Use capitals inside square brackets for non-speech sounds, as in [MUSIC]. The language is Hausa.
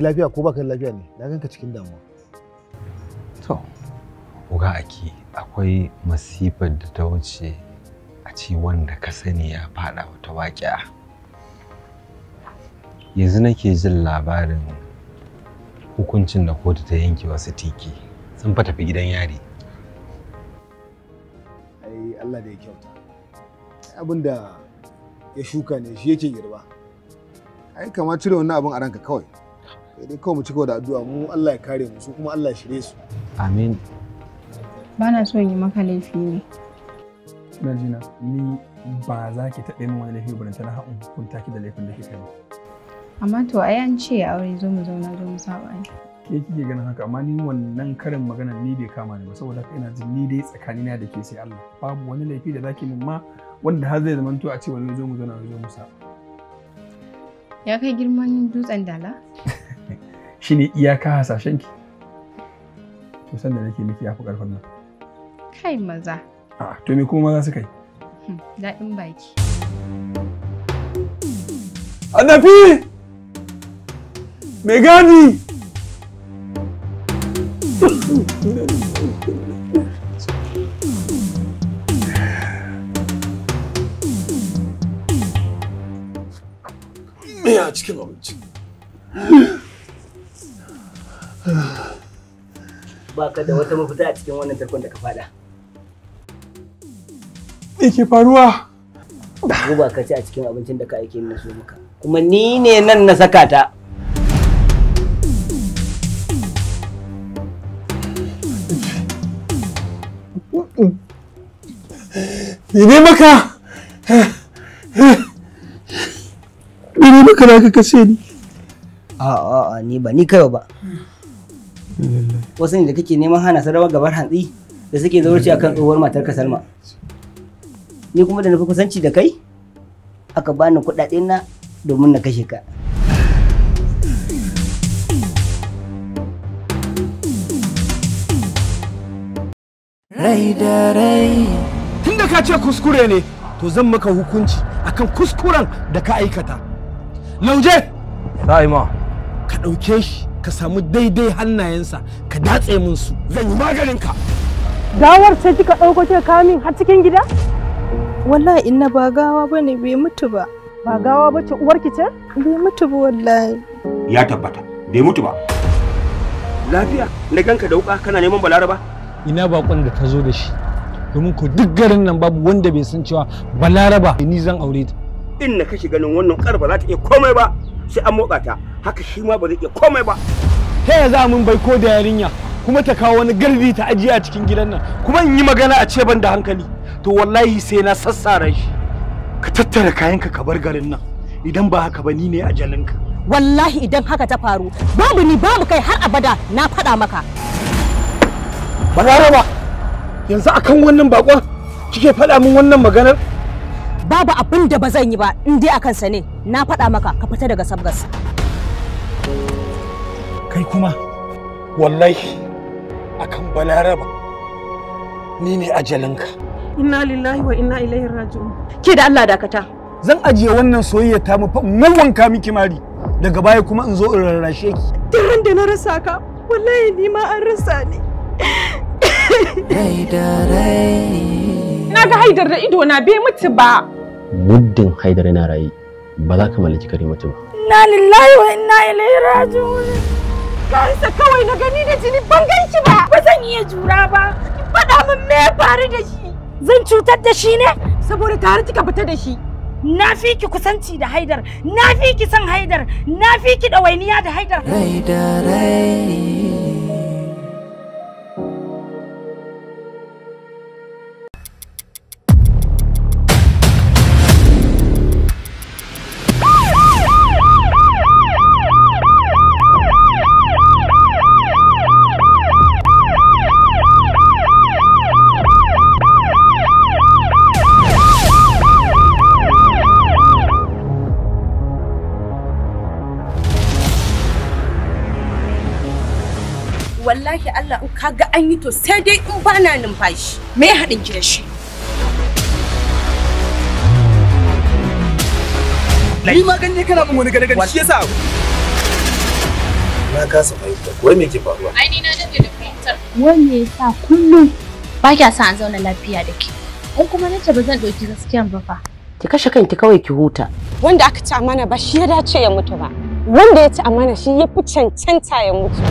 lafiya ko baka lafiya ne na ganka cikin damuwa to uga aki akwai masifar da ta wuce a ce wanda ka sani ya fada wata waƙiya yanzu nake jin labarin hukuncin da kotu ta yanke wasu tiki sun fa tafi gidan yari ai Allah da ya kyauta abinda ya shuka ne shi yake girba ai kamar cire wannan abin a ranka kawai dai kawai mu ci da addu'a mu Allah ya kare mu su kuma Allah ya shirye su amin bana son yi maka laifi ne Najina, jina ni ba za ki taɓa min wani laifi ba ta na haƙun kunta ki da laifin da kika yi amma to a yan ce aure zo mu zauna zo mu saba ke kike ganin haka amma ni wannan karin magana ni bai kama ni ba saboda haka ina jin ni dai na da ke sai Allah babu wani laifi da zaki min ma wanda har zai zamanto a ce wani zo mu zauna zo mu saba ya kai girman dutsen dala [LAUGHS] ne iyaka hasashen ki to san da nake miki yafi karfin nan kai maza a to me kuma maza suka yi hmm, daɗin baki annafi Me gani Me a cikin abinci? Baka da wata mafita a cikin wannan tarkon da ka fada. Me ke faruwa? ba ka ci a cikin abincin da ka aike ni so maka. Kuma ni ne nan na saka ta. Ni maka? Mene maka da ka kashe ni? A'a, ni ba ni kai ba. wasu ne da kake neman hana su gabar hantsi da suke zaurci kan tsohuwar matar ka Salma ni kuma da nufi kusanci da kai aka bani kudade na domin na kashe ka rai da rai tunda ka ce kuskure ne to zan maka hukunci akan kuskuren da ka aikata lauje sa'ima ka ɗauke shi ka samu daidai hannayensa ka datse min su zan yi maganin ka gawar ce kika ɗauko kika kamin har cikin gida wallahi inna ba gawa bane bai mutu ba ba gawa bace ki ce bai mutu ba wallahi ya tabbata bai mutu ba lafiya na ganka da wuka kana neman balaraba ina bakon da ta zo da shi domin ko duk garin nan babu wanda bai san cewa balaraba ni zan aure ta in na kashi ganin wannan karba za ta iya komai ba sai an motsa ta haka shi ma ba zai iya komai ba ta ya za mun bai ko da yarinya kuma ta kawo wani garbi ta ajiye a cikin gidan nan kuma in yi magana a ce ban da hankali to wallahi sai na sassara shi ka tattara kayanka ka bar garin nan idan ba haka ba ni ne ajalinka wallahi idan haka ta faru babu ni babu kai har abada na faɗa maka balaraba yanzu akan wannan bakon kike faɗa min wannan maganar babu abin da ba zan yi ba in dai akan sa ne na faɗa maka ka fita daga sabgas kai kuma wallahi akan balaraba ni ne ajalinka inna lillahi wa inna ilaihi raji'un ke da Allah dakata zan ajiye wannan soyayya ta mu fa wanka miki mari daga baya kuma in zo in rarrashe ki duk na rasa ka wallahi ni ma an rasa ni na ga haidar da ido na bai mutu ba muddin haidar na rayi ba za ka mallaki kare mutu ba inna lillahi wa inna ilaihi raji'un Kansa kawai na gani da jini ban gan shi ba. Ba zan iya jura ba. Ki faɗa min me ya faru da shi. Zan cutar da shi ne saboda tare kika fita da shi. Na fi ki kusanci da Haidar, na fi ki san Haidar, na fi ki ɗawainiya da Haidar. Rai da rai. wallahi Allah in kaga ga an yi to sai dai in ba na numfashi me ya haɗin ki da shi ni ma ganye kana mun wani gane shi yasa na kasa fahimta ko me ke faruwa ai ni na dade da fahimtar wanne yasa kullum ba kya sa an zauna lafiya da ke ai kuma nace ba zan ɗauki gaskiyan ba fa ki kashe kanki kawai ki huta wanda aka ci amana ba shi ya dace ya mutu ba wanda ya ci amana shi ya fi cancanta ya mutu